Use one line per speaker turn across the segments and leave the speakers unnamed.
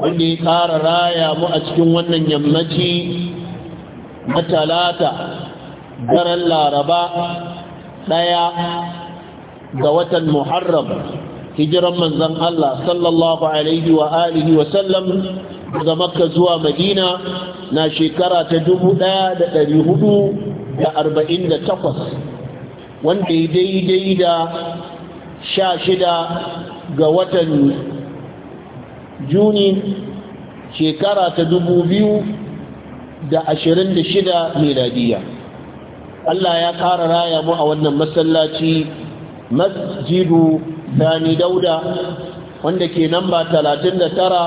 wanda ya ƙara raya mu a cikin wannan yammaci na talata daren laraba ɗaya ga watan muharram hijiran manzan Allah sallallahu alaihi wa alihi wa sallam daga makka zuwa madina na shekara ta dubu ɗaya da da da arba'in da takwas, wanda ya daidai da sha shida ga watan juni shekara ta dubu biyu da ashirin da shida meladiya Allah ya ƙara raya mu a wannan masallaci masjidu sani dauda wanda ke namba talatin da tara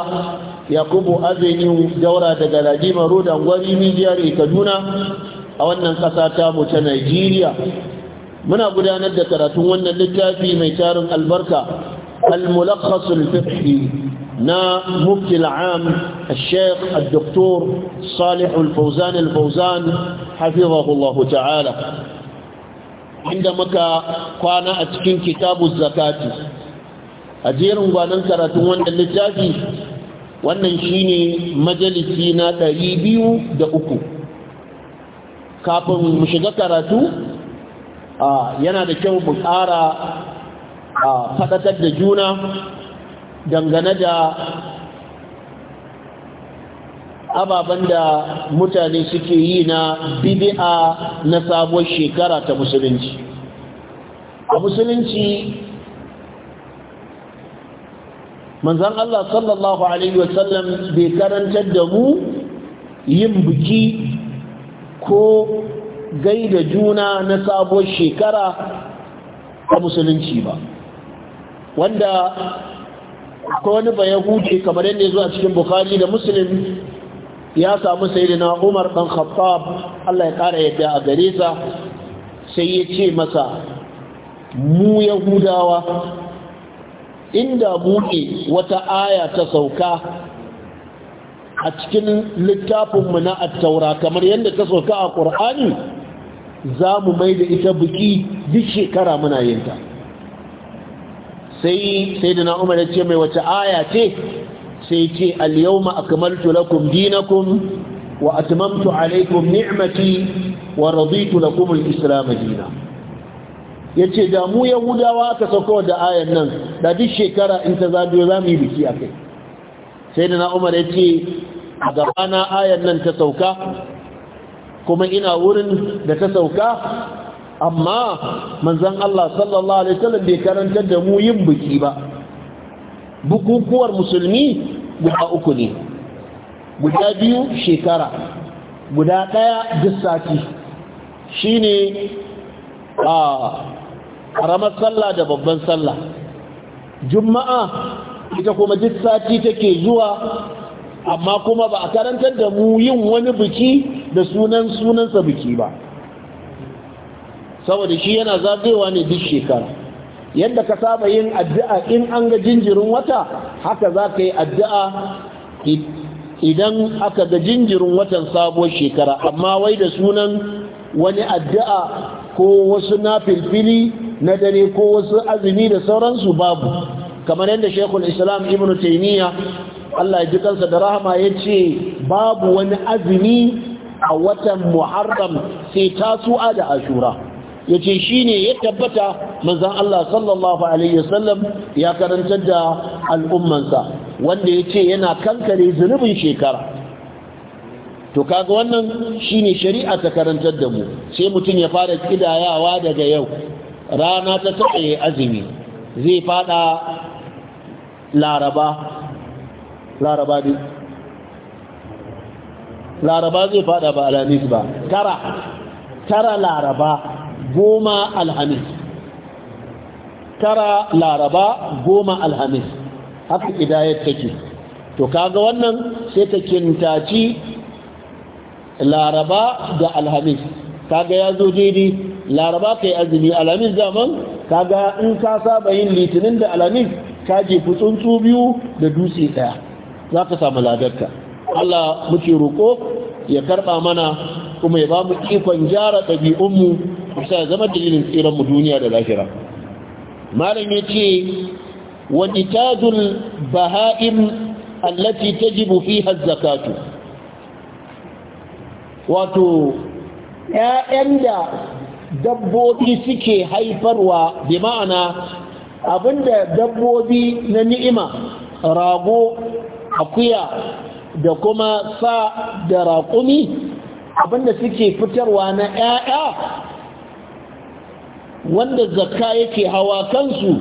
yakubu avenue daura daga ladima rodan gwari mijiyar kaduna a wannan ƙasa tamu ta nigeria muna gudanar da karatun wannan littafi mai tarin albarka al-mulakhasul fiqhi نا مفتي العام الشيخ الدكتور صالح الفوزان الفوزان حفظه الله تعالى عندما كان أتكين كتاب الزكاة أجيرن قانن كراتون وانا اللتاكي وانا نشيني مجلسينا تريبيو دأكو kafin mu shiga karatu yana da kyau mu ƙara faɗatar da juna dangane da ababen da mutane suke yi na bidi'a na sabuwar shekara ta musulunci a musulunci manzan Allah sallallahu Alaihi wasallam bai karantar da mu yin buki ko gaida juna na sabuwar shekara a musulunci ba wanda ko wani ba yahudi kamar yadda ya zo a cikin bukhari da muslim ya samu sayyidina umar dan khattab Allah ya kara yadda a gare sa sai ya ce masa mu yahudawa inda buɗe wata aya ta sauka a cikin littafinmu na attaura kamar yadda ta sauka a ƙur'ani za mu mai da ita biki duk shekara muna yinta sai da Umar ya ce mai wace aya ce sai ce al-yawma akmaltu lakum dinakum wa atmamtu alaykum ni'mati wa raditu lakum al-islam dinan yace da mu yahudawa aka sako da ayan nan da duk shekara in ta za mu yi biki akai sayyidina Umar yace a gabana ayan nan ta sauka kuma ina wurin da ta sauka amma manzon Allah sallallahu alaihi wasallam bai karantar da mu yin biki ba bukukuwar musulmi guda uku ne guda biyu shekara guda ɗaya duk sati shine a ƙaramar sallah da babban sallah juma'a ita kuma duk sati take zuwa amma kuma ba a karantar da mu yin wani biki da sunan sunansa biki ba saboda shi yana zagayewa ne duk shekara yadda ka saba yin addu'a in an ga jinjirin wata haka za ka yi addu'a idan aka ga jinjirin watan sabuwar shekara amma wai da sunan wani addu'a ko wasu na filfili na dare ko wasu azumi da sauransu babu kamar yadda shekul islam ibn taimiyya allah ya ji kansa da rahama ya ce babu wani azumi a watan muharram sai tasu'a da ashura ya ce shi ne ya tabbata manzan Allah sallallahu Alaihi wasallam ya karantar da al'ummansa wanda ya ce yana kankare zunubin shekara to kaga wannan shi ne shari'a ta karantar da mu sai mutum ya fara kidayawa daga yau rana ta taɓaye azumi zai fada laraba laraba ne laraba zai fada ba alamis ba tara tara laraba goma alhamis tara laraba goma alhamis haka idayar take to kaga wannan sai ta kintaci laraba da alhamis kaga ya zo daidai laraba kai azumi alhamis zaman kaga in ka saba yin litinin da alhamis ka jefi tsuntsu biyu da dutse ɗaya za ka samu ladarka Allah muke roƙo ya karɓa mana kuma ya ba mu ikon gyara ɗabi'unmu bisa ya zama dalilin tsiran mu duniya da lahira malam yace wa itadul baha'im allati tajibu fiha wato yayan da dabbobi suke haifarwa bi ma'ana abinda dabbobi na ni'ima rago akuya da kuma sa da raƙumi abinda suke fitarwa na 'ya'ya? wanda zakka yake hawa kansu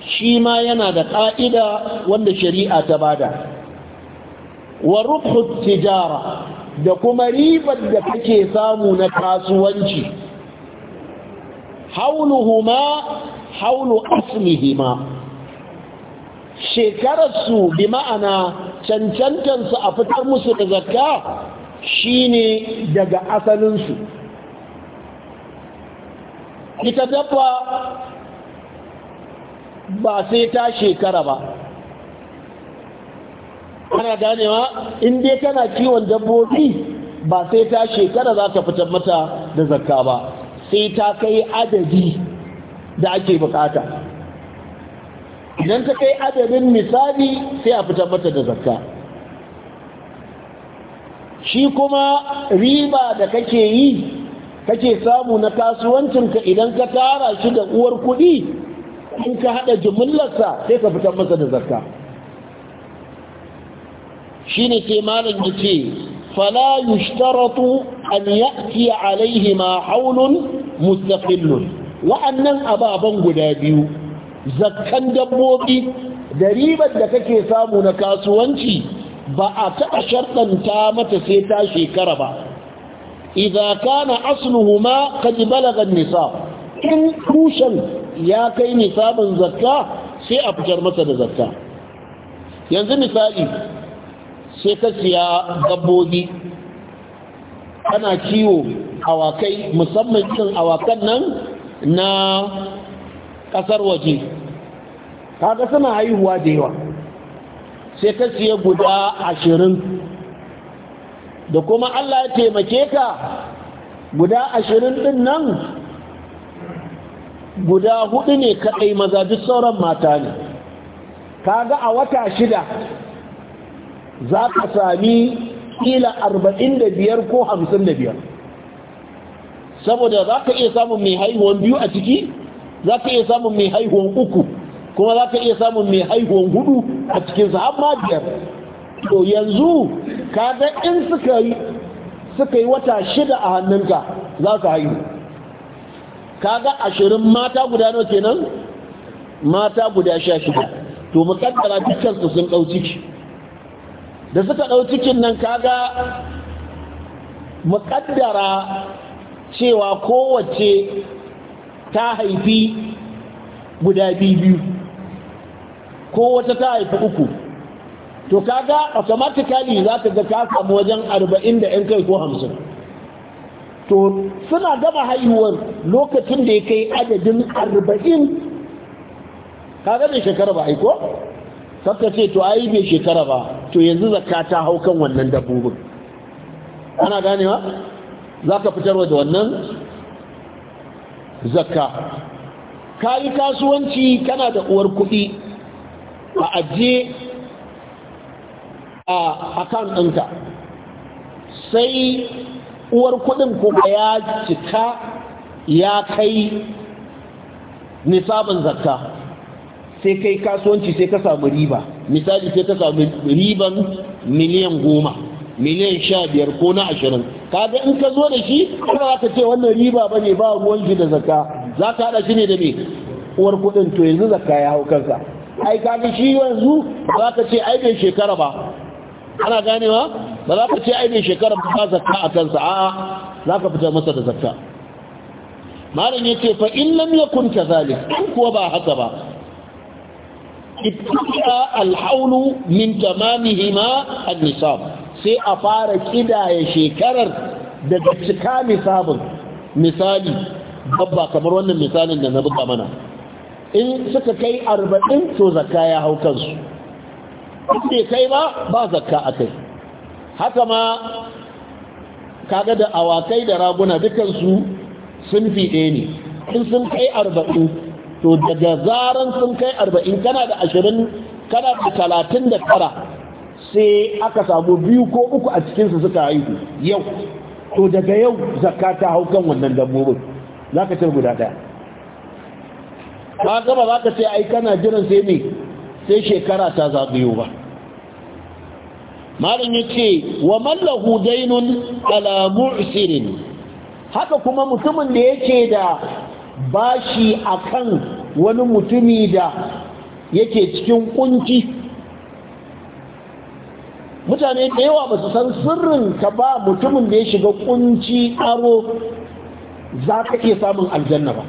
shi ma yana da ƙa'ida wanda shari'a ta bada wa rukhut tijara da kuma ribar da kake samu na kasuwanci hauluhuma haulu asmihima shekararsu bi ma'ana cancantansu a fitar musu da zakka shine daga asalinsu ita dabba ba sai ta shekara ba ana ganewa in dai kana kiwon dabbobi ba sai ta shekara za ta fitar mata da zakka ba sai ta kai adadi da ake bukata idan ta kai adadin misali sai a fitar mata da zakka shi kuma riba da kake yi kake samu na kasuwancinka idan ka tara shi da uwar kuɗi in ka haɗa jimillarsa sai ka fitar masa da zakka shi ne ke malin ya ce fala yushtaratu an ya'ti alaihi ma haulun mustaqillun wa'annan ababen guda biyu zakkan dabbobi da ribar da kake samu na kasuwanci ba a taɓa sharɗanta mata sai ta shekara ba idza kana asluhuma qad balagha an-nisab in tushen ya kai nisabin zakka sai a fitar masa da zakka yanzu misali sai ka siya dabbobi kana ciwo awakai musamman cin awakan nan na kasar waje kaga suna haihuwa da yawa sai ka siya guda ashirin da kuma Allah ya taimake ka guda ashirin ɗin nan guda hudu ne kaɗai maza duk sauran mata ne kaga a wata shida za ka sami ƙila arba'in da biyar ko hamsin da biyar saboda za ka iya samun mai haihuwan biyu a ciki za ka iya samun mai haihuwan uku kuma za ka iya samun mai haihuwan hudu a cikinsa har biyar to yanzu kaga in suka yi suka yi wata shida a hannunka za su haihu kaga ashirin mata guda nawa kenan mata guda sha shida to mu kaddara dukkansu sun ɗau ciki da suka ɗau cikin nan kaga mu kaddara cewa kowace ta haifi guda biyu ko wata ta haifi uku to kaga automatically za ka ga ka samu wajen arba'in da 'yan kai ko hamsin to suna gama haihuwar lokacin da ya kai adadin arba'in kaga mai shekara ba aiko sabta ce to ai mai shekara ba to yanzu zakka ta hau kan wannan dabbobin ana ganewa za ka fitarwa da wannan zakka ka yi kasuwanci kana da uwar kuɗi a ajiye a account ɗinka sai uwar kuɗin kuma ya cika ya kai nisabin zakka sai kai kasuwanci sai ka samu riba misali sai ka samu riban miliyan goma miliyan sha biyar ko na ashirin kaga in ka zo da shi kuma za ce wannan riba ba ne ba ruwan shi da zakka za ka haɗa shi ne da me uwar kuɗin to yanzu zakka ya hau kansa ai kaga shi yanzu za ka ce ai bai shekara ba ana ganewa ba za ka ce ai mai shekarar ba zakka a kansa a'a za ka fita masa da zakka malam ya ce fa in lam yakun kazalik in kuwa ba haka ba ibtida alhaulu min tamamihima an-nisab sai a fara kidaya shekarar daga cika nisabin misali babba kamar wannan misalin da na buga mana in suka kai arba'in to zakka ya hau kansu bai kai ba ba zakka a kai haka ma kaga da awakai da raguna dukansu sun fi ɗaya ne in sun kai arba'in to daga zaran sun kai arba'in kana da ashirin kana da talatin da tara sai aka samu biyu ko uku a cikinsu suka haihu yau to daga yau zakka ta hau kan wannan dabbobin za ka guda ɗaya ba gaba za ka ce ai kana jiran sai ne sai shekara ta zagayo ba malin ya ce wa mallahu dainun alamu mu'sirin haka kuma mutumin da yake da bashi akan wani mutumi da yake cikin kunci mutane da yawa ba su san sirrin ka ba mutumin da ya shiga kunci aro za ka iya samun aljanna ba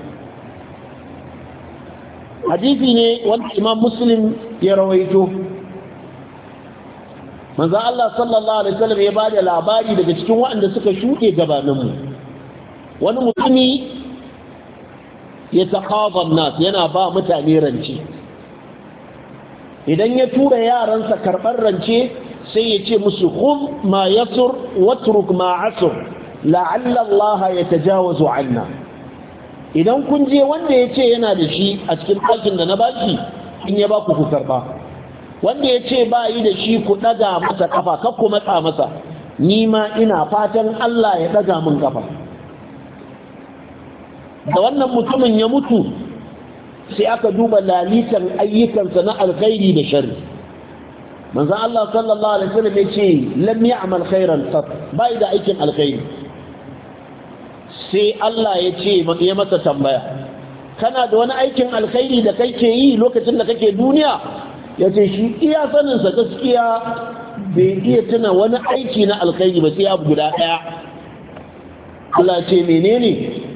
hadisi ne wanda imam muslim ya rawaito manzo Allah sallallahu alaihi wasallam ya bada labari daga cikin waɗanda suka shuɗe gabaninmu wani mutumi ya taqadha nas yana ba mutane rance idan ya tura yaransa karɓar rance sai ya ce musu khudh ma yasur watruk ma asur la'alla Allah yatajawazu 'anna idan kun je wanda ya ce yana da shi a cikin ɗakin da na baki in ya ba ku ku karɓa wanda ya ce ba yi da shi ku ɗaga masa ƙafa kar ku matsa masa ni ma ina fatan Allah ya ɗaga min ƙafa da wannan mutumin ya mutu sai aka duba lalitan ayyukansa na alkhairi da sharri manzon Allah sallallahu alaihi wasallam ya ce lam ya'mal khairan fat bai da aikin alkhairi sai Allah ya ce ya masa tambaya kana da wani aikin alkhairi da kai ke yi lokacin da kake duniya ya ce shi iya saninsa gaskiya bai iya tuna wani aiki na alkhairi ba sai abu guda ɗaya Allah ce menene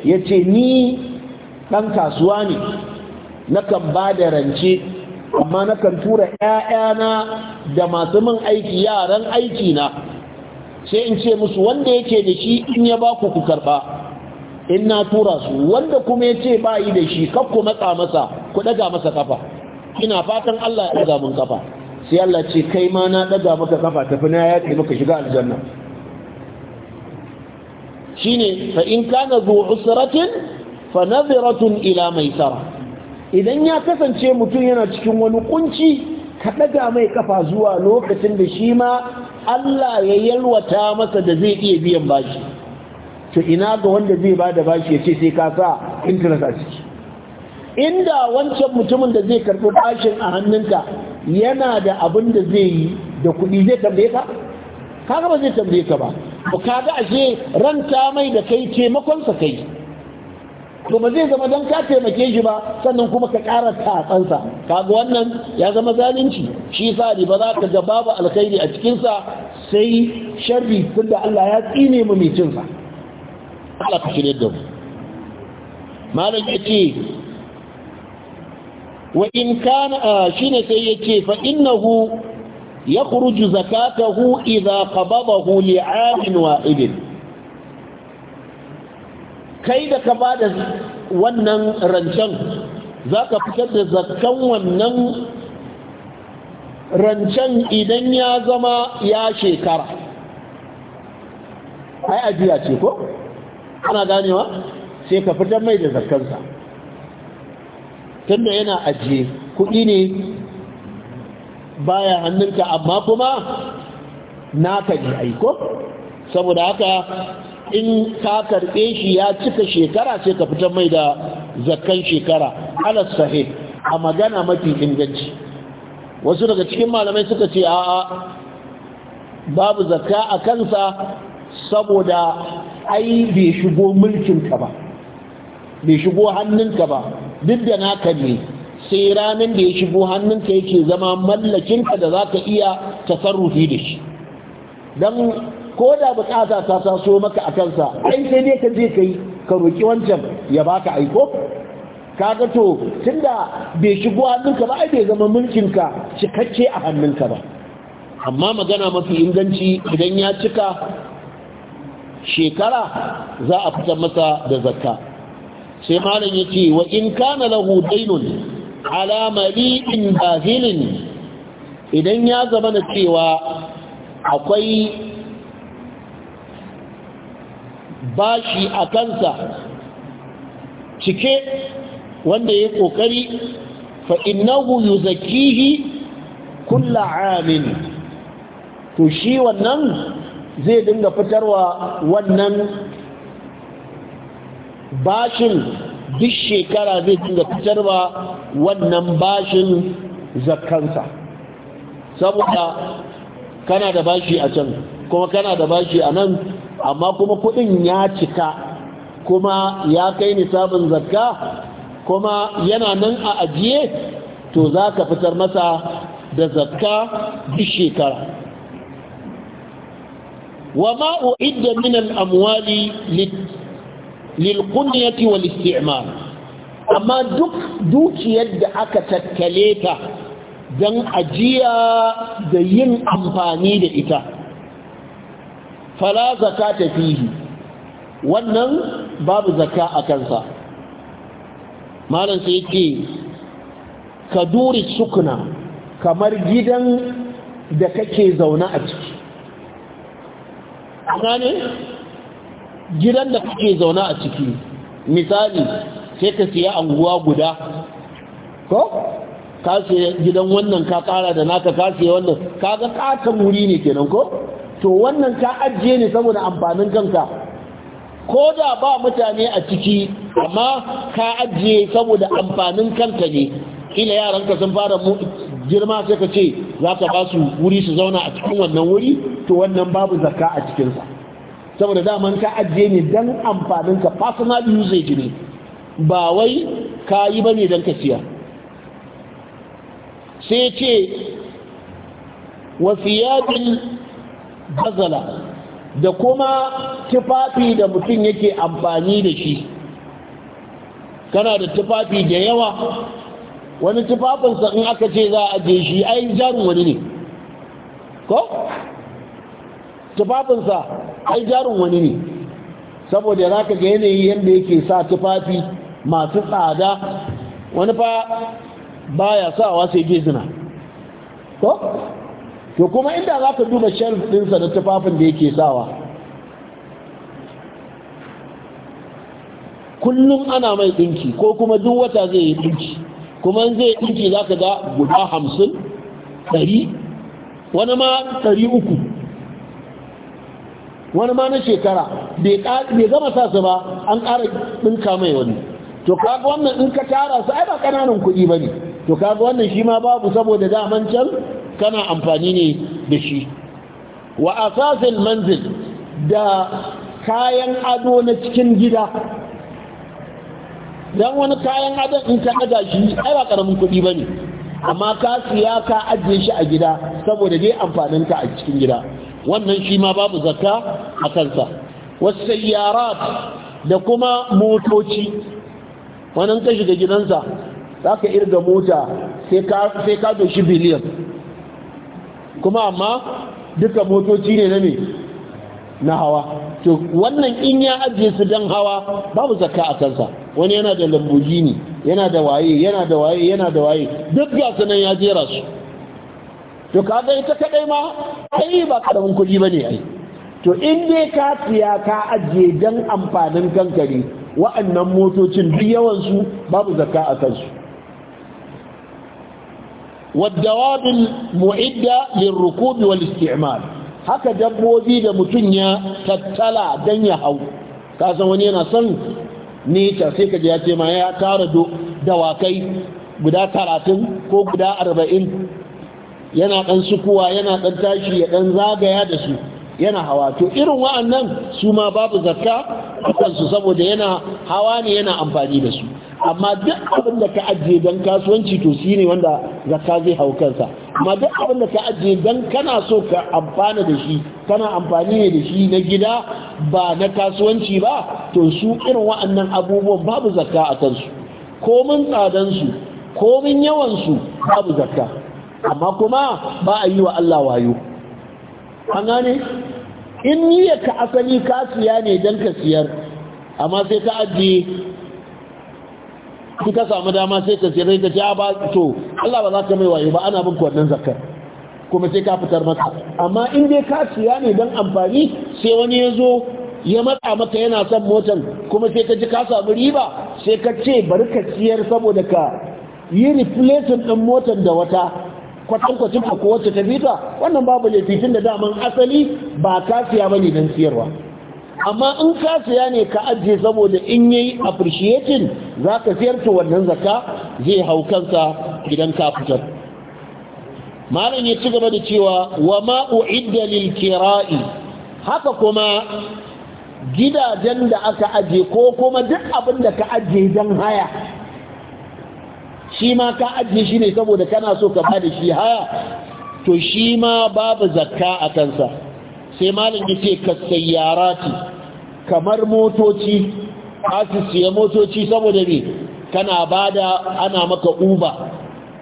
ya ce ni ɗan kasuwa ne nakan ba da rance amma nakan tura 'ya'yana da masu min aiki yaran aiki na sai in ce musu wanda yake da shi in ya baku ku karɓa in na tura su wanda kuma ya ce ba yi da shi kakku matsa masa ku daga masa kafa ina fatan Allah ya daga mun kafa sai Allah ce kai ma na daga maka kafa tafi na ya ce maka shiga aljanna shine fa in kana zu usratin fa nadhiratun ila maisara idan ya kasance mutum yana cikin wani kunci ka daga mai kafa zuwa lokacin da shi ma Allah ya yalwata masa da zai iya biyan bashi to ina ga wanda zai ba da bashi ya ce sai ka sa interest a ciki inda wancan mutumin da zai karɓi bashin a hannunka yana da abin da zai yi da kuɗi zai tambaye ka ga ba zai tambaye ka ba ka kaga ashe ranta mai da kai taimakonsa kai to ba zai zama dan ka taimake shi ba sannan kuma ka ƙara ka kaga wannan ya zama zalunci shi sa ne ba za ka ga babu alkhairi a cikinsa sai sharri tunda Allah ya tsine mu mai cinsa Allah shi ne da mu malam yace wa in kana shine sai ya fa innahu yakhruju zakatahu idha qabadahu li'amin wa'idin kai da ka da wannan rancen zaka fitar da zakan wannan rancen idan ya zama ya shekara ai ajiya ce ko ana ganewa sai ka fitar mai da zakansa tunda yana ajiye kuɗi ne baya hannunka amma kuma naka ne aiko saboda haka in ka karɓe shi ya cika shekara sai ka fitar mai da zakkan shekara alas sahih a magana mafi inganci wasu daga cikin malamai suka ce a babu zakka a kansa saboda ai bai shigo mulkinka ba bai shigo hannunka ba duk da naka ne sai ranar da ya shigo hannunka yake zama mallakinka da za ka iya tasarrufi da shi don ko da bukata ta taso maka a kansa ai sai dai ka je ka yi ka roƙi wancan ya baka aiko kaga to tunda bai shigo hannunka ba ai bai zama mulkinka cikakke a hannunka ba amma magana mafi inganci idan ya cika shekara za a fita masa da zakka sai malam ya ce wa in kana lahu dainun ala mali'in bahilin idan ya zama na cewa akwai bashi a kansa cike wanda ya kokari fa innahu yuzakkihi kullu amin to shi wannan zai dinga fitarwa wannan bashin duk shekara zai dinga fitarwa wannan bashin zakkansa saboda kana da bashi a can kuma kana da bashi a nan amma kuma kudin ya cika kuma ya kai nisabin zakka kuma yana nan a ajiye to za ka fitar masa da zakka duk shekara wa ma u'idda min al-amwali lil qunyati wal isti'mal amma duk dukiyar da aka tattale ta don ajiya da yin amfani da ita fala zakata fihi wannan babu Zaka a kansa malam sai yake kaduri sukuna kamar gidan da kake zauna a ciki ana ne gidan da kake zauna a ciki misali sai ka siya anguwa guda ko ka siya gidan wannan ka kara da naka ka siya wannan ka ga katon wuri ne kenan ko to wannan ka ajiye ne saboda amfanin kanka ko da ba mutane a ciki amma ka ajiye saboda amfanin kanka ne ila yaranka sun fara girma sai ka ce za ka ba su wuri su zauna a cikin wannan wuri to wannan babu zakka a cikinsa saboda daman ka ajiye ne don amfaninka personal usage ne ba wai ka yi ba ne don ka siya sai ce wasiyadin bazala da kuma tufafi da mutum yake amfani da shi kana da tufafi da yawa wani tufafinsa in aka ce za a je shi ai jarin wani ne ko? tufafinsa ai jarin wani ne saboda za ka ga yanayi yadda yake sa tufafi masu tsada wani fa ba ya sawa sai zina ko? to kuma inda za ka duba shelf ɗinsa da tufafin da yake sawa kullum ana mai ɗinki ko kuma duk wata zai yi ɗinki kuma zai ɗinki za ka ga guda hamsin ɗari wani ma ɗari uku wani ma na shekara bai gama sa su ba an ƙara ɗinka mai wani to kaga wannan in ka tara su ai ba ƙananan kuɗi ba ne to kaga wannan shi ma babu saboda daman can kana amfani ne da shi wa asasin manzil da kayan ado na cikin gida dan wani kayan adon in ka daga shi ai ba karamin kuɗi ne, amma ka siya ka ajiye shi a gida saboda dai amfanin ka a cikin gida wannan shi ma babu zakka a kansa wasayyarat da kuma motoci wannan ka shiga gidansa za ka irga mota sai ka biliyan kuma amma duka motoci ne na ne na hawa to wannan in ya ajiye su dan hawa babu zakka a kansa wani yana da ne, yana da waye yana da waye yana da waye duk ga nan ya jera su to ka ga ita kadai ma ai ba karamin kuɗi bane ai to in dai ka siya ka ajiye dan amfanin kankare wa'annan motocin duk yawan su babu zakka a kansu والدواب المعدة للركوب والاستعمال haka dabbobi da mutum ya tattala dan ya hau kasan wani yana son nita sai ka ya ce ma ya tara dawakai guda talatin ko guda arba'in yana ɗan sukuwa yana ɗan tashi ya ɗan zagaya da su yana hawa to irin wa'annan su ma babu zakka kansu saboda yana hawa ne yana amfani da su amma duk abin da ka ajiye don kasuwanci to shine wanda zakka zai hau kansa amma duk abin da ka ajiye don kana so ka amfana da shi kana amfani ne da shi na gida ba na kasuwanci ba to su irin wa'annan abubuwan babu zakka a kansu komin tsadansu komin yawansu babu zakka amma kuma ba a yi wa Allah wayo an gane in ka asali ka siya ne don ka siyar amma sai ka ajiye Ku ka samu dama sai ka sai ka ja ah, ba to Allah ba za ka mai waye ba ana bin wannan zakar kuma sai ka fitar maka amma in dai ka siya ne dan amfani sai wani ya zo ya matsa maka yana son motar kuma sai ka ji ka samu riba sai ka ce bari ka siyar saboda ka yi replacement ɗin motar da wata kwatankwacin ko wacce ta fita wannan babu laifin da daman asali ba ka siya bane don siyarwa amma in ka siya ne ka ajiye saboda in yayi appreciating za ka siyar to wannan zaka zai hau kansa idan ka fitar malam ya ci gaba da cewa wa ma u'idda lil kira'i haka kuma gidajen da aka ajiye ko kuma duk abin da ka ajiye don haya shi ma ka ajiye shi ne saboda kana so ka bada shi haya to shi ma babu zakka a kansa sai malin ya ce ka ce, kamar motoci su siya motoci saboda ne kana bada ana maka uba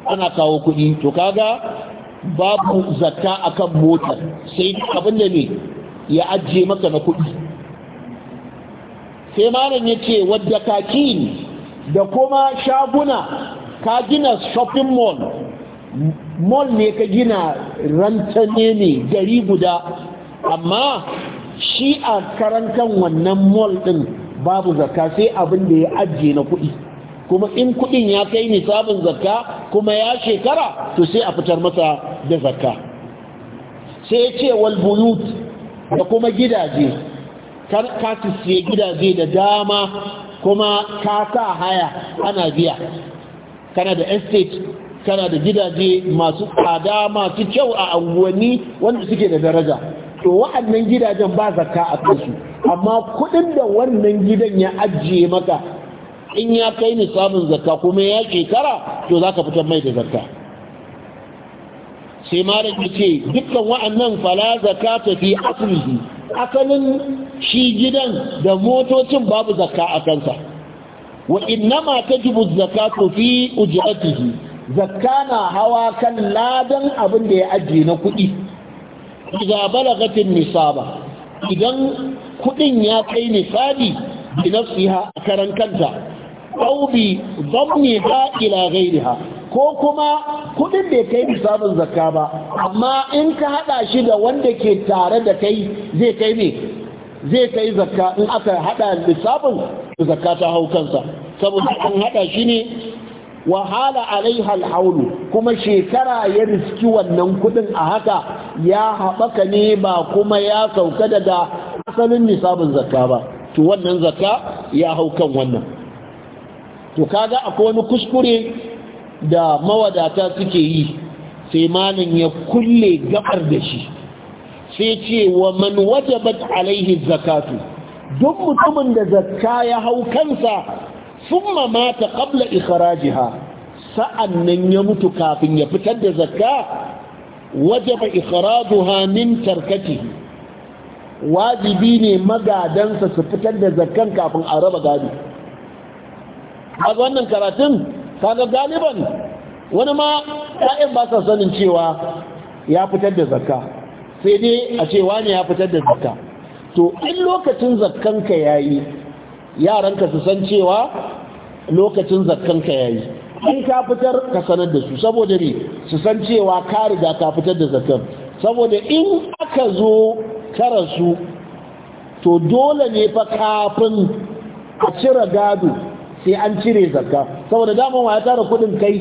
ana kawo kuɗi to kaga babu zakka kan motar sai abin da ne ya ajiye maka na kuɗi sai malam ya ce wadda kaki da kuma shaguna ka gina shopping mall mall ne ka gina rantane ne gari guda amma shi a karantar wannan mall din babu zakka sai abin da ya ajiye na kuɗi kuma in kuɗin ya kai nisabin zakka kuma ya shekara to sai a fitar masa da zakka sai ya ce wal da kuma gidaje kar ka gidaje da dama kuma ka sa haya ana biya kana da estate kana da gidaje masu tsada masu kyau a anguwanni wanda suke da daraja to wa'annan gidajen ba zakka a kansu amma kuɗin da wannan gidan ya ajiye maka in ya kai ni samun zakka kuma ya kara, to za ka fitar mai da zakka sai malam ya ce dukkan wa'annan fala zakka ta fi asalihi asalin shi gidan da motocin babu zakka a kansa wa ma tajibu zakatu fi ujratihi zakka na hawa kan ladan abin da ya ajiye na kuɗi idza balagatin nisaba idan kudin ya kai nisabi bi nafsiha karan kanta aw bi dhammiha ila ghayriha ko kuma kudin da kai nisabin zakka ba amma in ka hada shi da wanda ke tare da kai zai kai ne zai kai zakka in aka hada nisabin zakka ta hau kansa saboda an hada shi ne wahala alaiha alhaulu kuma shekara ya riski wannan kudin a haka ya haɓaka ne ba kuma ya sauka daga asalin nisabin zakka ba to wannan zakka ya hau kan wannan to kaga akwai wani kuskure da mawadata suke yi sai malin ya kulle gabar da shi sai ce wa man wajabat alaihi zakatu duk mutumin da zakka ya hau kansa summa mata qabla sa'an sa'annan ya mutu kafin ya fitar da zakka wajaba ikhraduha min tarkati wajibi ne magadansa su fitar da zakkan kafin a raba gadi a wannan karatun kaga galiban wani ma ya'yan ba sa sanin cewa ya fitar da zakka sai dai a cewa ne ya fitar da zakka to in lokacin zakkanka yayi yaranka su san cewa lokacin zakkanka yayi in ka fitar ka sanar da su saboda ne su san cewa ka riga ka fitar da zakar saboda in aka zo kara su to dole ne fa kafin a cire gado sai an cire zakka saboda dama ya tara kudin kai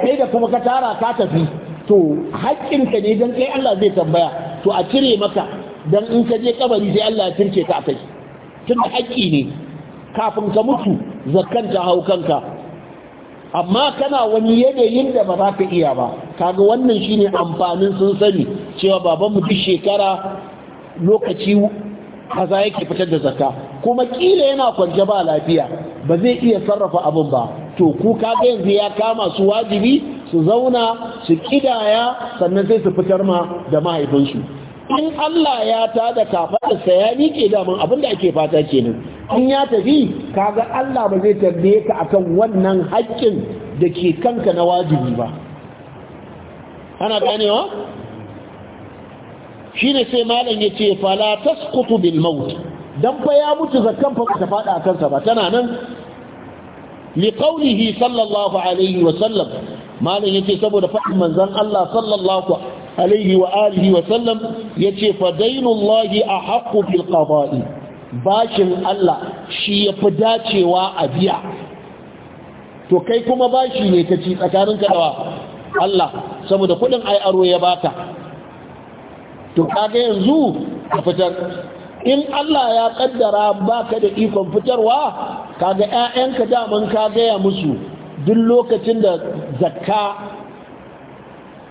kai da kuma ka tara ka tafi to haƙƙinka ne don kai Allah zai tambaya to a cire maka don in ka je kabari sai Allah ya turce ka a kai tun da haƙƙi ne kafin ka mutu zakkan ta hau kanka amma kana wani yanayin da ba za ka iya ba kaga wannan shine amfanin sun sani cewa babanmu duk shekara lokaci kaza yake fitar da zakka kuma kila yana kwance ba lafiya ba zai iya sarrafa abin ba to ku kaga yanzu ya kama su wajibi su zauna su kidaya sannan sai su fitar ma da mahaifinsu in Allah ya tada da sayani ke daman abin da ake fata kenan in ya tafi kaga Allah ba zai tambaye ka akan wannan haƙƙin da ke kanka na wajibi ba ana ganewa shine sai malam yace fala tasqutu bil maut dan fa ya mutu zakkan fa ta fada kansa ba tana nan li qawlihi sallallahu alaihi wa sallam malam yace saboda faɗin manzon Allah sallallahu alaihi wa alihi wa sallam yace fa dainullahi ahqqu bil qada'i bashin Allah shi ya fi dacewa a biya to kai kuma bashi ne ka ci ka da Allah saboda kudin ai aro ya baka to kaga yanzu ka fitar in Allah ya kaddara baka da ikon fitarwa kaga ƴaƴanka daman ka gaya musu duk lokacin da zakka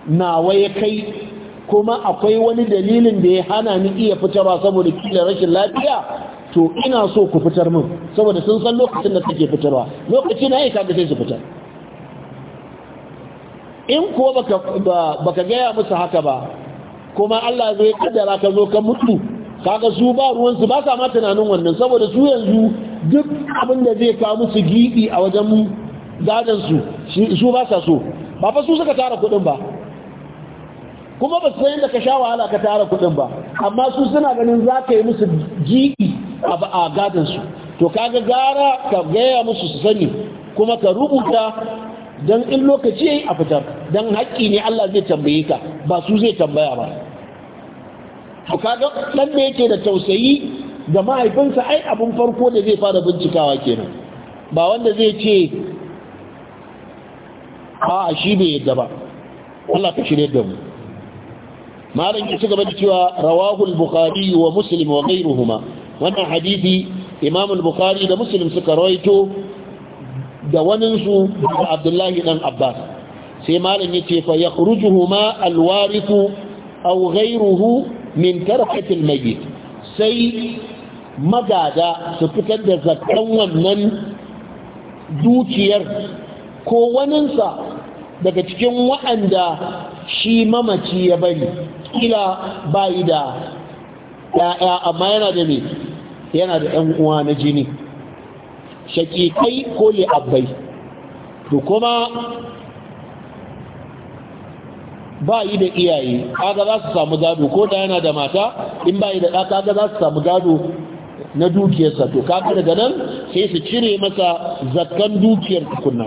nawa ya kai kuma akwai wani dalilin da ya hana ni iya fitarwa saboda kila rashin lafiya to ina so ku fitar min saboda sun san lokacin da take fitarwa lokaci na yi kaga sai su fitar in kuwa baka gaya musu haka ba kuma Allah zai kaddara ka zo ka mutu kaga su ba ruwansu ba sa ma tunanin wannan saboda su yanzu duk abin da zai kawo musu gidi a wajen gadan su ba sa so ba fa su suka tara kuɗin ba kuma ba su san da ka sha wahala ka tara kuɗin ba amma su suna ganin za ka yi musu ji'i a gadansu. su to kaga gara ka gaya musu su sani kuma ka rubuta don in lokaci yi a fitar don haƙƙi ne Allah zai tambaye ka ba su zai tambaya ba to kaga ɗan da yake da tausayi ga mahaifinsa ai abin farko da zai fara bincikawa kenan ba wanda zai ce a shi bai yadda ba Allah ka shirye da mu malam ya cigaba da cewa rawahu al-bukhari wa muslim wa ghayruhuma wannan hadisi imam al-bukhari da muslim suka rawaito da waninsu da abdullahi ɗan abbas sai malam yace fa yakhrujuhuma al-warithu aw ghayruhu min tarakati al-mayyit sai magada su fitar da zakkan wannan dukiyar ko waninsa daga cikin wa'anda shi mamaci ya bari kila yi da ya'ya amma yana da ne yana da yan uwa na jini kai, ko li'abbai to kuma ba yi da iyaye kaga za su samu gado ko da yana da mata in ba yi da ɗa kaga za su samu gado na dukiyarsa to kaga daga nan sai su cire masa zakkan dukiyar tukunna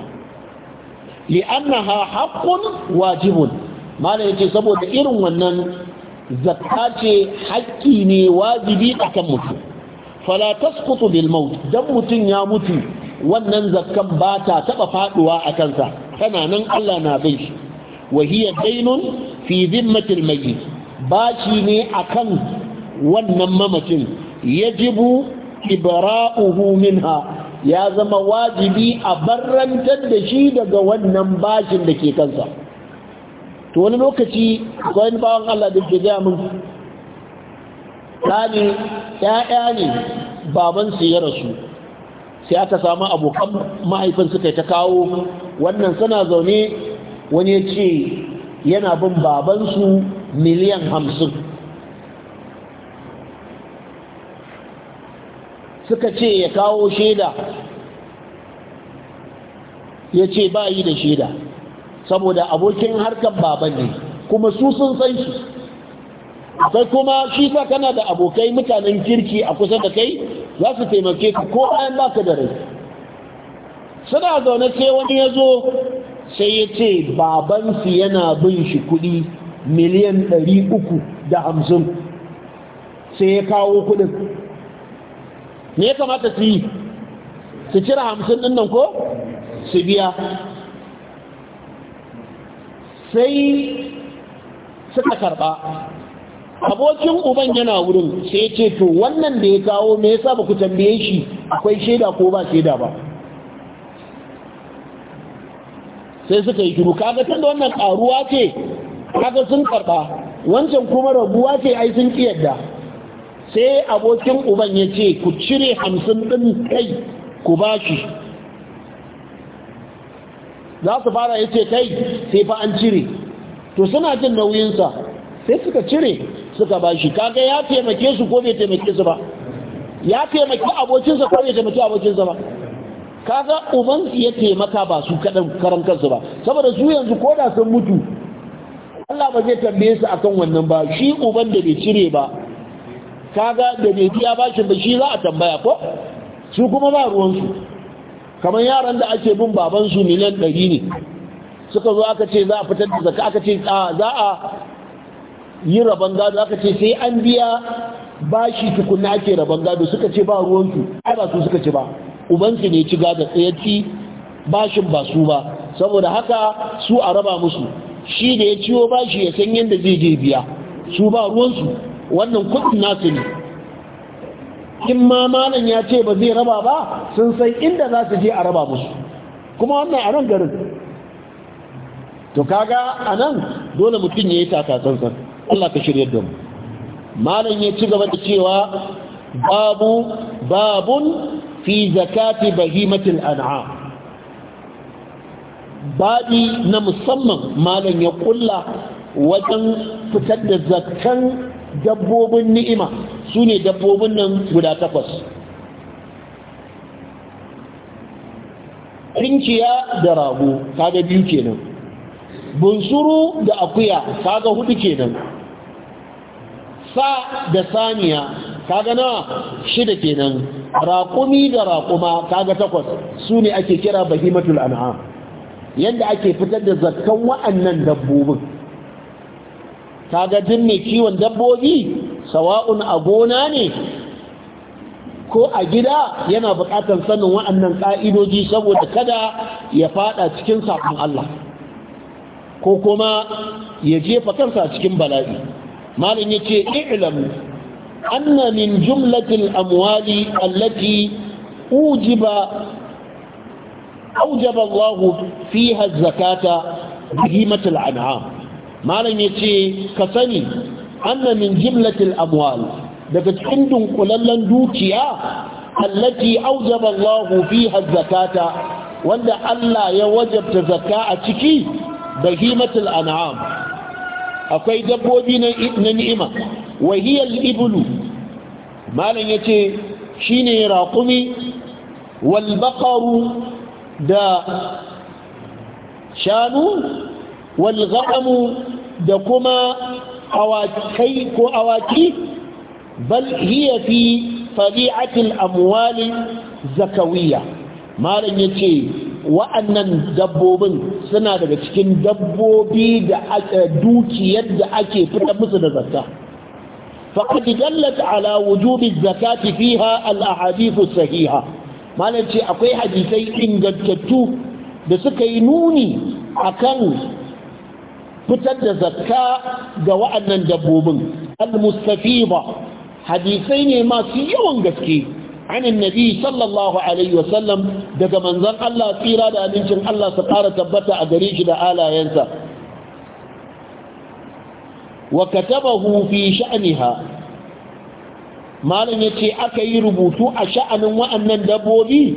li'annaha haƙƙun wajibun malam yace saboda irin wannan zakka ce haƙƙi ne wajibi akan mutum fala tasqutu bil don dan mutum ya mutu wannan zakkan ba ta taɓa faduwa a kansa tana nan Allah na bai shi wa dainun daynun fi bashi ne akan wannan mamacin yajibu ibra'uhu minha ya zama wajibi a barrantar da shi daga wannan bashin da ke kansa to wani lokaci akwai wani bawan Allah da ke gaya min ɗani ‘ya'ya ne babansu ya rasu sai aka samu abokan mahaifin suka yi ta kawo wannan suna zaune wani ya ce yana bin babansu miliyan hamsin suka ce ya kawo shaida ya ce ba yi da shaida saboda abokin harkar baban ne kuma su sun san shi sai kuma shi sa kana da abokai mutanen kirki a kusa da kai za su taimake ka ko ba baka da rai suna zaune sai wani ya zo sai ya ce babansu yana bin shi kudi miliyan ɗari uku da hamsin sai ya kawo kuɗin me ya kamata su yi su cire hamsin ɗin ko su biya sai suka karba abokin uban yana wurin sai ce to wannan da ya kawo me yasa ba ku tambaye shi akwai shaida ko ba shaida ba sai suka yi shiru kaga tunda wannan karuwa ce kaga sun karba wancan kuma rabuwa ce ai sun kiyarda sai abokin uban ya ce ku cire hamsin ɗin kai ku bashi za su fara ya ce kai sai fa an cire to suna jin nauyinsa sai suka cire suka ba shi kaga ya taimake su ko bai taimake su ba ya taimaki abokinsa ko bai taimaki abokinsa ba kaga uban ya taimaka ba su kaɗan karan ba saboda su yanzu ko da sun mutu Allah ba zai tambaye su akan wannan ba shi uban da bai cire ba kaga da bai biya bashin ba shi za a tambaya ko su kuma ba ruwansu kamar yaran da ake bin babansu miliyan ɗari ne suka zo aka ce za a fitar da zaka aka ce ah, za a yi rabon gado aka ce sai an biya bashi tukunna ake rabon gado suka ce ba ruwansu ai ba su suka ci ba ubansu ne ci gado ya ci bashin ba su ba saboda haka su a raba musu shi da ya ciwo bashi ya san yadda zai je biya su ba ruwansu wannan kudin nasu ne in ma malam ya ce ba zai raba ba sun san inda za su je a raba musu kuma wannan a nan garin to kaga a nan dole mutum ya yi takasansan Allah ka shirya da mu malam ya ci gaba da cewa babu babun fi zakati bahimatil an'am babi na musamman malam ya kulla wajen fitar da zakkan dabbobin ni'ima su ne dabbobin nan guda takwas rinciya da rago kaga biyu kenan bunsuru da akuya kaga hudu kenan sa da saniya kaga nawa shida kenan raƙumi da raƙuma kaga takwas su ne ake kira bahimatul an'am yadda ake fitar da zakkan wa'annan dabbobin kaga duk mai kiwon dabbobi sawa'un a gona ne ko a gida yana buƙatar sanin wa'annan ƙa'idoji saboda kada ya fada cikin saƙon Allah ko kuma ya jefa kansa cikin bala'i malin ya ce i'lamu anna min jumlatil amwali allati ujiba أوجب الله فيها الزكاة بهيمة الأنعام malam ya ce ka sani anna min jimlatil amwal daga cikin dunkulallen dukiya allati aujaba Allah fiha zakata wanda Allah ya wajabta zakka a ciki bahimatul an'am akwai dabbobi na ni'ima wa hiya al-iblu malam yace shine raqumi wal baqaru da shanu wal da kuma awakai ko awaki bal hiya fi tabi'atil amwali zakawiyya malam yace wa'annan dabbobin suna daga cikin dabbobi da dukiyar da ake fitar musu da zakka faqad dallat ala wujubi zakati fiha al ahadith sahiha malam ce akwai hadisai ingantattu da suka yi nuni akan fitar da zakka ga wa'annan dabbobin al-mustafiba hadisai ne masu yawan gaske عن Nabi'u, صلى الله عليه وسلم daga manzon Allah tsira da abincin Allah su fara tabbata a gare shi da alayensa wa katabahu fi sha'niha malam yace aka yi rubutu a sha'anin wa'annan dabbobi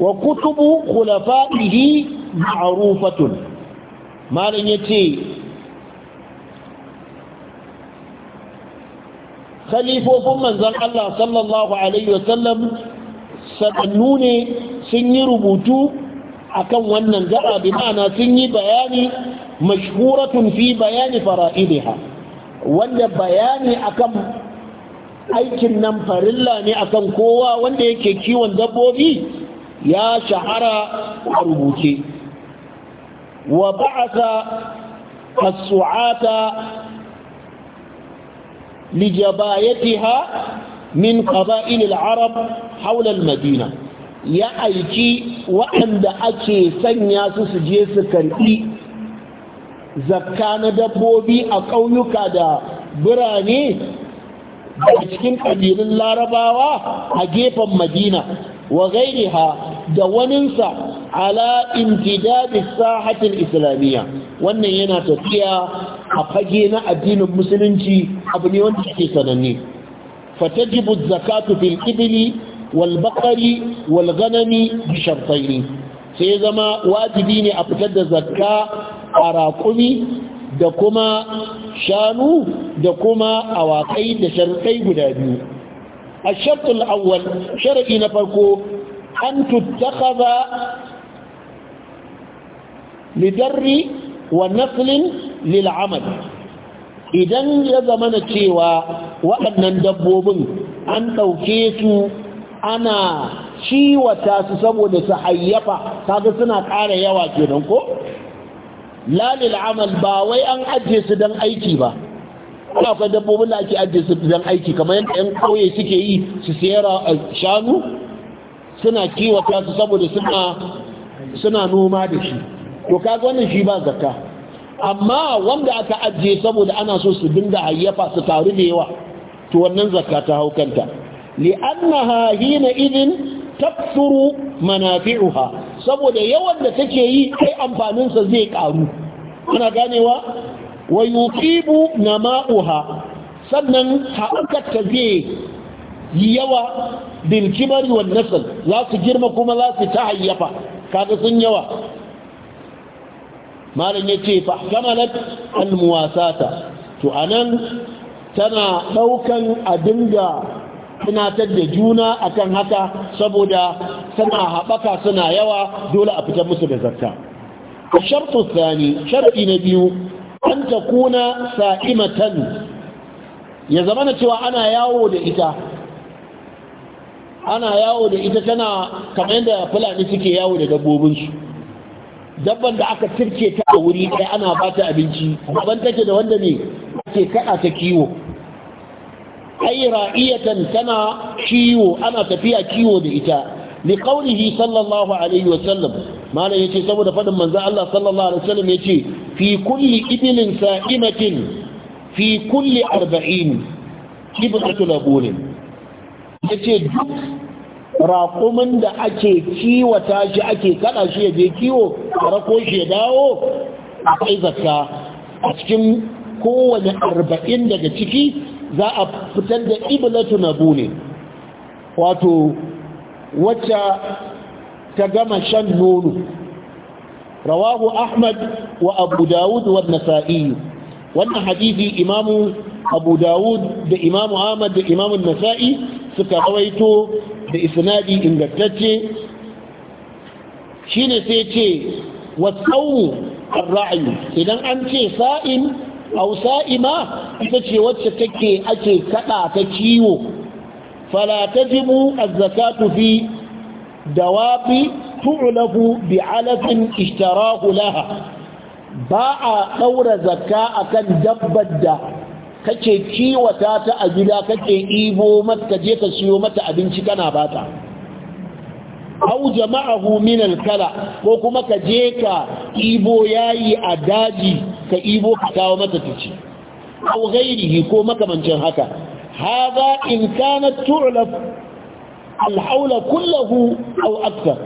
wa kutubu khulafa'ihi ma'rufatun malam yace khalifofin manzon Allah sallallahu alaihi wasallam sanannu ne sun yi rubutu akan wannan gaba bi sun yi bayani mashhuratun fi bayani fara'idiha wanda bayani akan aikin nan farilla ne akan kowa wanda yake kiwon dabbobi ya shahara a rubuce wa ba'asa as-su'ata lijabayatiha min qaba'il al-arab hawla al-madina ya aiki waɗanda ake sanya su su je su karɓi zakka na dabbobi a ƙauyuka da birane da cikin ƙabilun larabawa a gefen madina wa da waninsa ala imtidadi sahatil islamiyya wannan yana tafiya a fage na addinin musulunci abu ne wanda yake sananne fatajibu zakatu fil ibli wal baqari wal ghanami bi shartayn sai zama wajibi ne a fitar da zakka a raƙumi da kuma shanu da kuma awakai da shartai guda biyu A na farko, an نفرقو أن تتخذ wa ونقل للعمل idan ya zama na cewa waɗannan dabbobin an ɗauke su ana ciwata su saboda su hayyafa kaga suna ƙara yawa kenan ko lalil amal ba wai an ajiye su don aiki ba kuma akwai dabbobin da ake ajiye su don aiki kamar yadda 'yan kauye suke yi su siyara shanu suna kiwata su saboda suna noma da shi to kaga wannan shi ba zakka amma wanda aka ajiye saboda ana so su dinga hayyafa su taru da yawa to wannan zakka ta hau kanta annaha hina idin tafsuru manafi'uha saboda yawan da take yi sai amfanin sa zai karu ana ganewa wa yuqibu nama'uha sannan ta zai yi yawa bil kibari wal nasl za su girma kuma za su ta hayyafa kaga sun yawa malam yace fa kamalat al muwasata to anan tana daukan a dinga tunatar da juna akan haka saboda suna haɓaka suna yawa dole a fitar musu da zakka الشرط الثاني na biyu. an ta kuna sa'imatan ya zama na cewa ana yawo da ita ana yawo da ita tana kamar yadda fulani suke yawo da dabbobinsu dabban da aka cirke ta a wuri ɗaya ana ba ta abinci daban take da wanda ne ke kaɗa ta kiwo ai ra'iyatan tana kiwo ana tafiya kiwo da ita "Ni qawlihi sallallahu alaihi malam yace saboda fadin manzo Allah sallallahu alaihi wasallam yace fi kulli ibilin sa'imatin fi kulli 40 ibnatu labun yace duk raƙumin da ake kiwata shi ake kada shi ya je kiwo rako shi ya dawo akwai zakka a cikin kowane 40 daga ciki za a fitar da iblatu labun wato wacce ta gama shan nono rawahu ahmad wa abu dawud wa nasa'i wannan hadisi imamu abu dawud da imamu ahmad da imamu nasa'i suka rawaito da isnadi ingantacce shine sai ce wa ar-ra'yu idan an ce sa'in aw sa'ima ita ce wacce take ake kada ta ciwo fala tajibu az-zakatu fi dawabi tu'labu bi alafin ishtarahu laha ba a daura zakka akan dabbar da kake kiwata ta a gida kake ibo mata je ka siyo mata abinci kana bata au jama'ahu min al-kala ko kuma ka je ka ibo yayi a daji ka ibo ka kawo mata tici au ghairihi ko makamancin haka hada in kanat tu'laf alhaula kullahu au akthar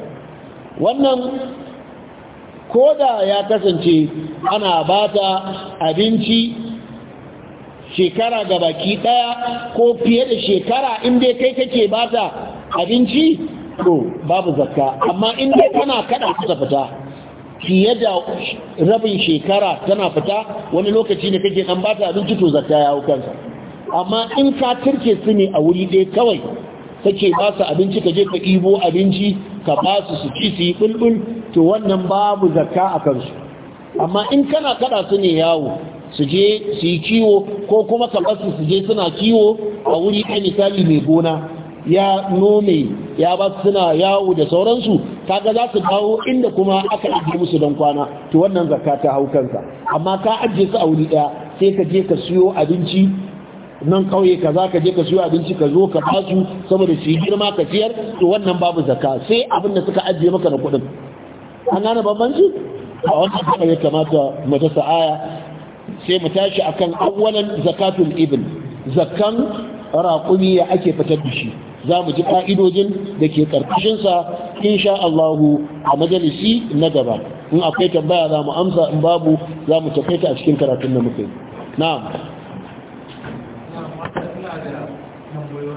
wannan koda ya kasance ana bata abinci shekara ga baki daya ko fiye da shekara inda dai kai kake bata abinci to babu zakka amma in dai kana kada ka fita fiye da rabin shekara tana fita wani lokaci ne kake dan bata abinci to zakka ya hau amma in ka turke su ne a wuri ɗaya kawai kake ba su abinci ka je ka ibo abinci ka ba su su ci su yi ɓulɓul to wannan babu zakka a kansu amma in kana kada su ne yawo su je su yi kiwo ko kuma ka ba su je suna kiwo a wuri ɗaya misali mai gona ya nome ya ba su suna yawo da sauransu kaga za su dawo inda kuma aka ajiye musu don kwana to wannan zakka ta hau kansa amma ka ajiye su a wuri ɗaya sai ka je ka siyo abinci nan kauye ka za ka je ka siyo abinci ka zo ka basu saboda su yi girma ka siyar to wannan babu zaka, sai abin da suka ajiye maka na kuɗin an gane bambanci a wannan haka ya kamata mu ta sa'aya sai mu tashi akan awwalan zakatul ibn zakan raƙumi ya ake fitar da shi za mu ji ƙa'idojin da ke ƙarƙashinsa insha Allahu a majalisi na gaba in akwai tambaya za mu amsa in babu za mu tafaita a cikin karatun da muke Na. na'am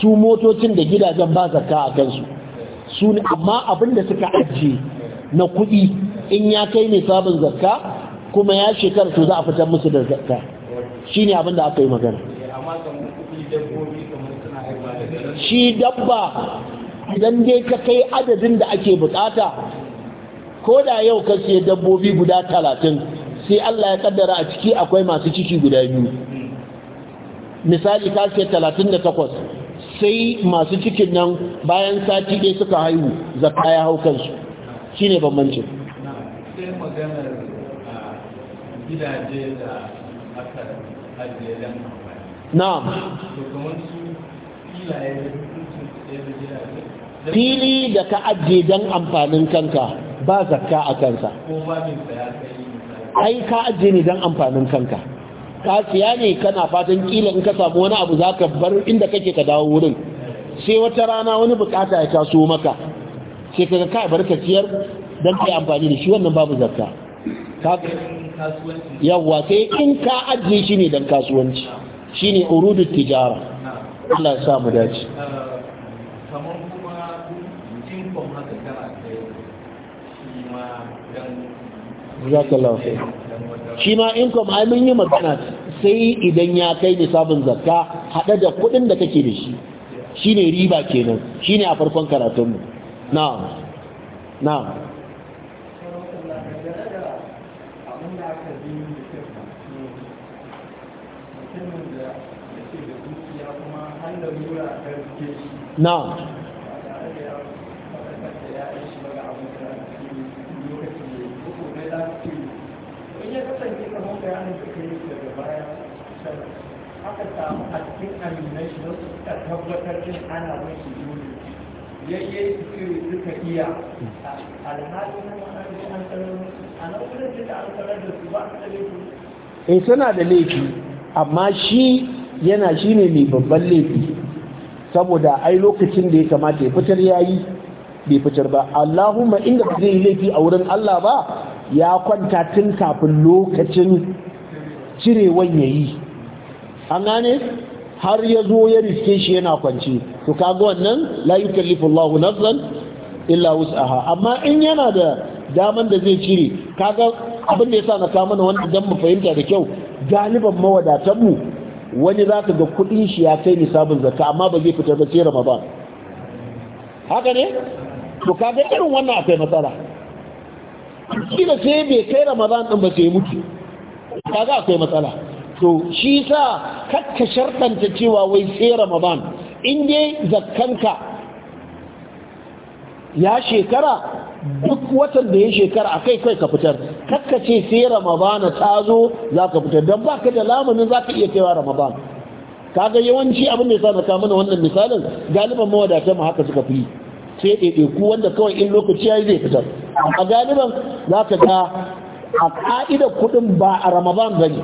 su motocin da gidajen ba zaka a kansu su ne amma abin da suka ajiye na kuɗi in ya kai ne sabon zakka kuma ya shekara to za a fitar musu da zakka shi ne abin da aka yi magana
shi dabba
idan dai ka kai adadin da ake bukata ko da yau ka siya dabbobi guda talatin sai Allah ya kaddara a ciki akwai masu ciki guda biyu misali ka siya talatin da takwas sai masu cikin nan bayan sati ɗaya suka haihu zakka ya hau kansu shi ne bambancin ah, na'am
fili da ka ajiye don amfanin kanka ba zakka a kansa
ai ka ajiye ne don amfanin kanka Kasiya ne kana fatan kila in ka samu wani abu za ka bar inda kake ka dawo wurin sai wata rana wani bukata ya taso maka sai ka ka bar ka ciyar don ka yi amfani da shi wannan babu zakka yawwa sai in ka ajiye shi ne don kasuwanci shi ne tijara Allah ya mu dace
kamar kuma haka kana kai shi ma
shi ma in kuma ai mun yi magana sai idan ya kai nisabin zakka hada da kuɗin da kake da shi shine riba kenan shine a farkon karatun mu na'am na'am
na'am na'am kasance kamar bayanin da kai daga baya aka samu a cikin aminai shi wasu suka tabbatar din ana mai su yi yayye su kiri suka iya alhali na ma'anar da an tsarar
a kuma da an tsarar da su ba su da laifi
eh suna da laifi amma shi yana shi ne mai babban laifi saboda ai lokacin da ya kamata ya fitar ya yi bai fitar ba Allahumma inda ba zai laifi a wurin Allah ba ya kwanta tun kafin lokacin cirewan yayi an gane har ya zo ya riske shi yana kwance to kaga wannan la yukallifu Allahu nafsan illa wus'aha amma in yana da daman da zai cire kaga abin da yasa na kawo mana wannan dan mu fahimta da kyau galiban mawadatan mu wani zaka ga kuɗin shi ya kai nisabin zakka amma ba zai fitar ba sai Ramadan haka ne to kaga irin wannan akwai matsala kila sai bai kai ramadan din ba sai mutu kaga akwai matsala to shi sa kakka shartanta cewa wai sai ramadan in dai zakkanka ya shekara duk watan da ya shekara a kai kai ka fitar kakka ce sai ramadan ta zo za ka fitar don baka da lamunin za ka iya kaiwa ramadan kaga yawanci abin da ya sa na mana wannan misalin galiban mawadatan mu haka suka fi sai ku wanda kawai in lokaci ya yi zai fitar a galiban za ka ga a ƙa'idar kuɗin ba a ramadan ba ne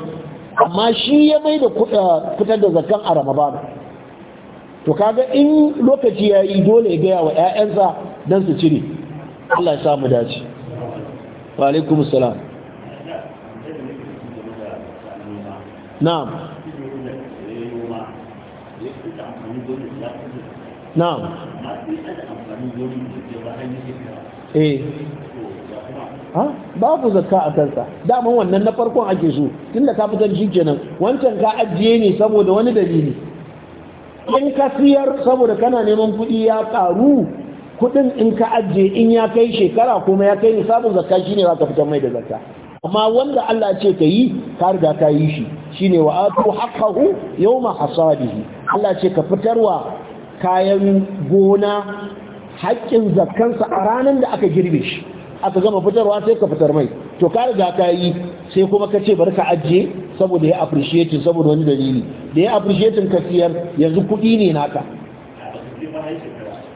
amma shi ya mai da fitar da zakan a ramadan to kaga in lokaci ya yi dole ya gaya wa 'ya'yansa don su cire Allah ya samu dace wa alaikum salam
na'am na'am eh
babu zakka a kansa daman wannan na farkon ake so tunda ka fitar shi kenan wancan ka ajiye ne saboda wani dalili in ka siyar saboda kana neman kuɗi ya ƙaru kuɗin in ka ajiye in ya kai shekara kuma ya kai sabon zakka shine za ka fitar mai da zakka amma wanda Allah ce ka yi ka riga ka yi shi shine wa atu haqqahu yawma hasadihi Allah ce ka fitarwa kayan gona haƙƙin zakkansa a ranar da aka girbe shi aka gama fitarwa sai ka fitar mai to ka riga ka yi sai kuma ka ce bari ka ajiye saboda ya appreciate saboda wani dalili da ya appreciate ka siyar yanzu kuɗi ne naka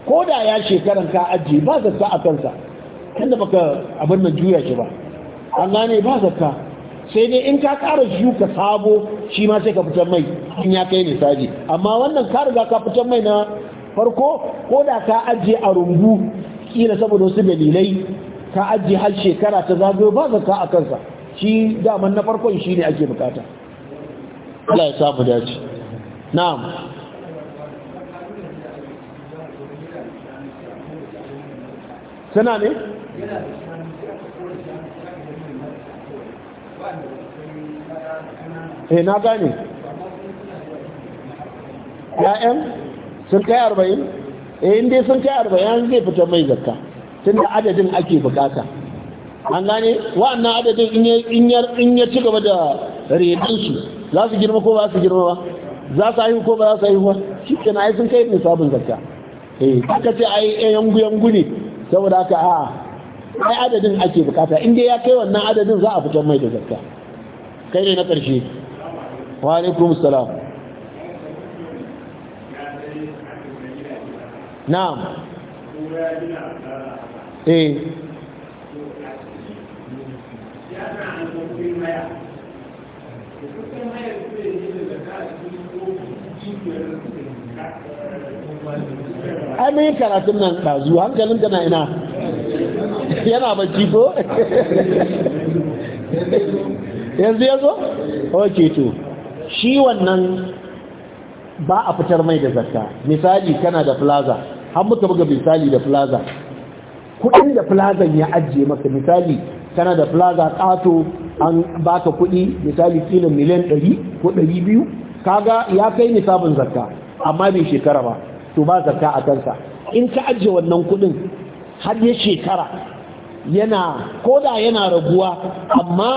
ko da ya shekaran ka ajiye ba zakka a kansa tunda baka abin nan juya shi ba amma ne ba zakka sai dai in ka ƙara ka sabo shi ma sai ka fitar mai in ya kai saji amma wannan ka riga ka fitar mai na farko ko da ka ajiye a rungu kila saboda wasu dalilai ka ajiye har shekara ta zagayo ba ka a kansa shi daman na farkon shi ne ake bukata Allah ya samu
dace na'am sana ne eh na gane ya'yan
sun kai arba'in eh in dai sun kai arba'in zai fito mai zakka tun da adadin ake bukata an gane wa'annan adadin in ya ci gaba da redinsu za su girma ko ba su girma ba za su haihu ko ba za su haihu ba shi kenan ai sun kai nisabin zakka e aka ce ai eh, yangu yangu ne saboda haka a ai adadin ake bukata inda ya kai wannan adadin za a fitar mai da zakka kai ne na ƙarshe
wa alaikum salam na'am eh, eh.
ai mai karatun nan
ɗazu hankalin na ina
yana bacci ko
yanzu ya zo? ok to shi wannan ba a fitar mai da zakka misali kana da plaza har muka buga misali da plaza kudin da plaza ya ajiye maka misali kana da plaza kato an baka kudi misali kila miliyan 100 ko 200 kaga ya kai nisabin zakka amma bai shekara ba to ba zakka a kansa in ka ajiye wannan kudin har ya shekara yana koda yana raguwa amma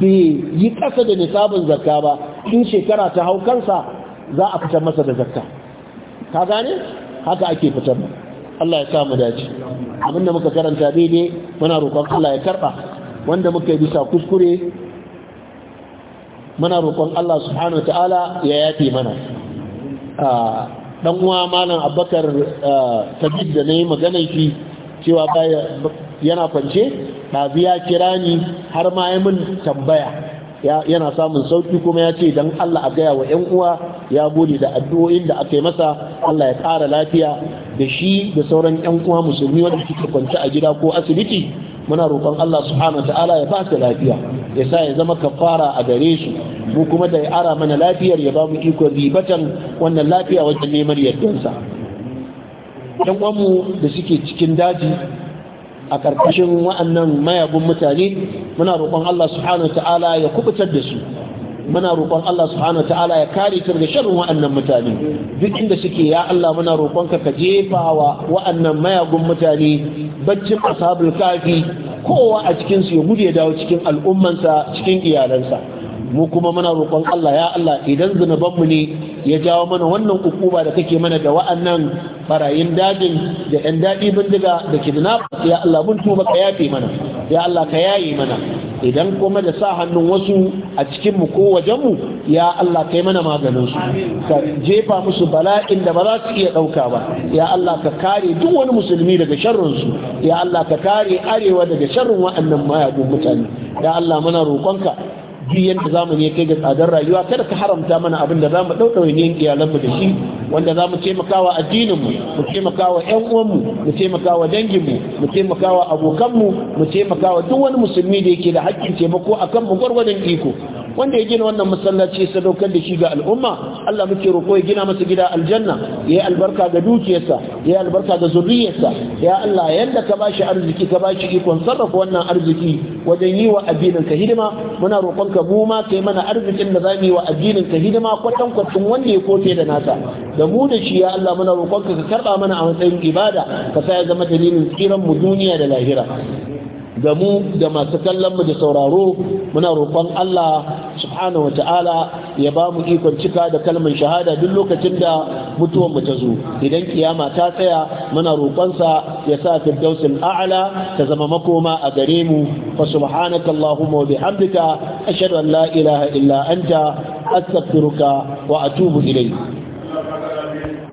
bai yi kasa da nisabin zakka ba in shekara ta hau kansa za a fitar masa da zakka ka gane haka ake fitar Allah ya sa mu dace abinda muka karanta daidai muna roƙon Allah ya karba wanda muka yi bisa kuskure muna roƙon Allah subhanahu wataala ya yafe mana dan uwa malam Abubakar Sabid da nayi magana shi cewa baya yana kwance ɗazu ya kira ni har ma ya mun tambaya yana samun sauki kuma ya ce don Allah a gaya wa 'yan uwa ya gode da addu'o'in da aka yi masa Allah ya ƙara lafiya da shi da sauran 'yan uwa musulmi wanda suke kwance a gida ko asibiti muna roƙon Allah subhanahu wa ta'ala ya ba su lafiya ya sa ya zama kafara a gare su mu kuma da ya ara mana lafiyar ya ba mu iko ribatan wannan lafiya wajen neman yardansa. 'Yan uwanmu da suke cikin daji a karkashin wa'annan mayagun mutane muna roƙon Allah subhanahu ta'ala ya kubutar da su muna roƙon Allah subhanahu ta'ala ya kare ta daga sharrin wa'annan mutane duk inda suke ya Allah muna roƙon ka jefa wa wa'annan mayagun mutane baccin ashabul kafi kowa a cikin su ya gudu ya dawo cikin al'ummansa cikin iyalansa mu kuma muna roƙon Allah ya Allah idan zunubanmu ne ya jawo mana wannan ukuba da kake mana da wa'annan barayin dajin da yan daɗi bindiga da kidnap. ya Allah mun tuba ka yafe mana ya Allah ka yaye mana idan kuma da sa hannun wasu a cikin mu ko wajen mu ya Allah kai mana maganin su ka jefa musu bala'in da ba za su iya ɗauka ba ya Allah ka kare duk wani musulmi daga sharrin su ya Allah ka kare arewa daga sharrin wa'annan mayagun mutane ya Allah muna roƙonka duk yadda zamani ya kai ga tsadar rayuwa kada ka haramta mana abin da zamu ɗauɗaure ne iyalanmu da shi wanda za mu taimakawa addininmu mu taimakawa yan uwanmu mu taimakawa danginmu mu taimakawa abokanmu mu taimakawa duk wani musulmi da yake da haƙƙin taimako akan mu gwargwadon iko wanda ya gina wannan masallaci ya sadaukar da shi ga al'umma Allah muke roƙo ya gina masa gida aljanna ya albarka ga dukiyarsa ya albarka ga zuriyarsa ya Allah yanda ka bashi arziki ka bashi ikon sarrafa wannan arziki wajen yi wa addinin hidima muna roƙon ka mu ma kai mana arzikin da zamu yi wa addinin ka hidima kwatan wanda ya kofe da nasa da da mu da shi ya Allah muna roƙonka ka karɓa mana a matsayin ibada ka sa ya zama dalilin tsiran mu duniya da lahira da mu da masu kallon mu da sauraro muna roƙon Allah subhanahu wata'ala ya ba mu ikon cika da kalmar shahada duk lokacin da mutuwan mu ta zo idan kiyama ta tsaya muna roƙonsa ya sa firdausul a'la ta zama makoma a gare mu fa subhanaka allahumma wa bihamdika ashhadu an la ilaha illa anta astaghfiruka wa atubu ilayk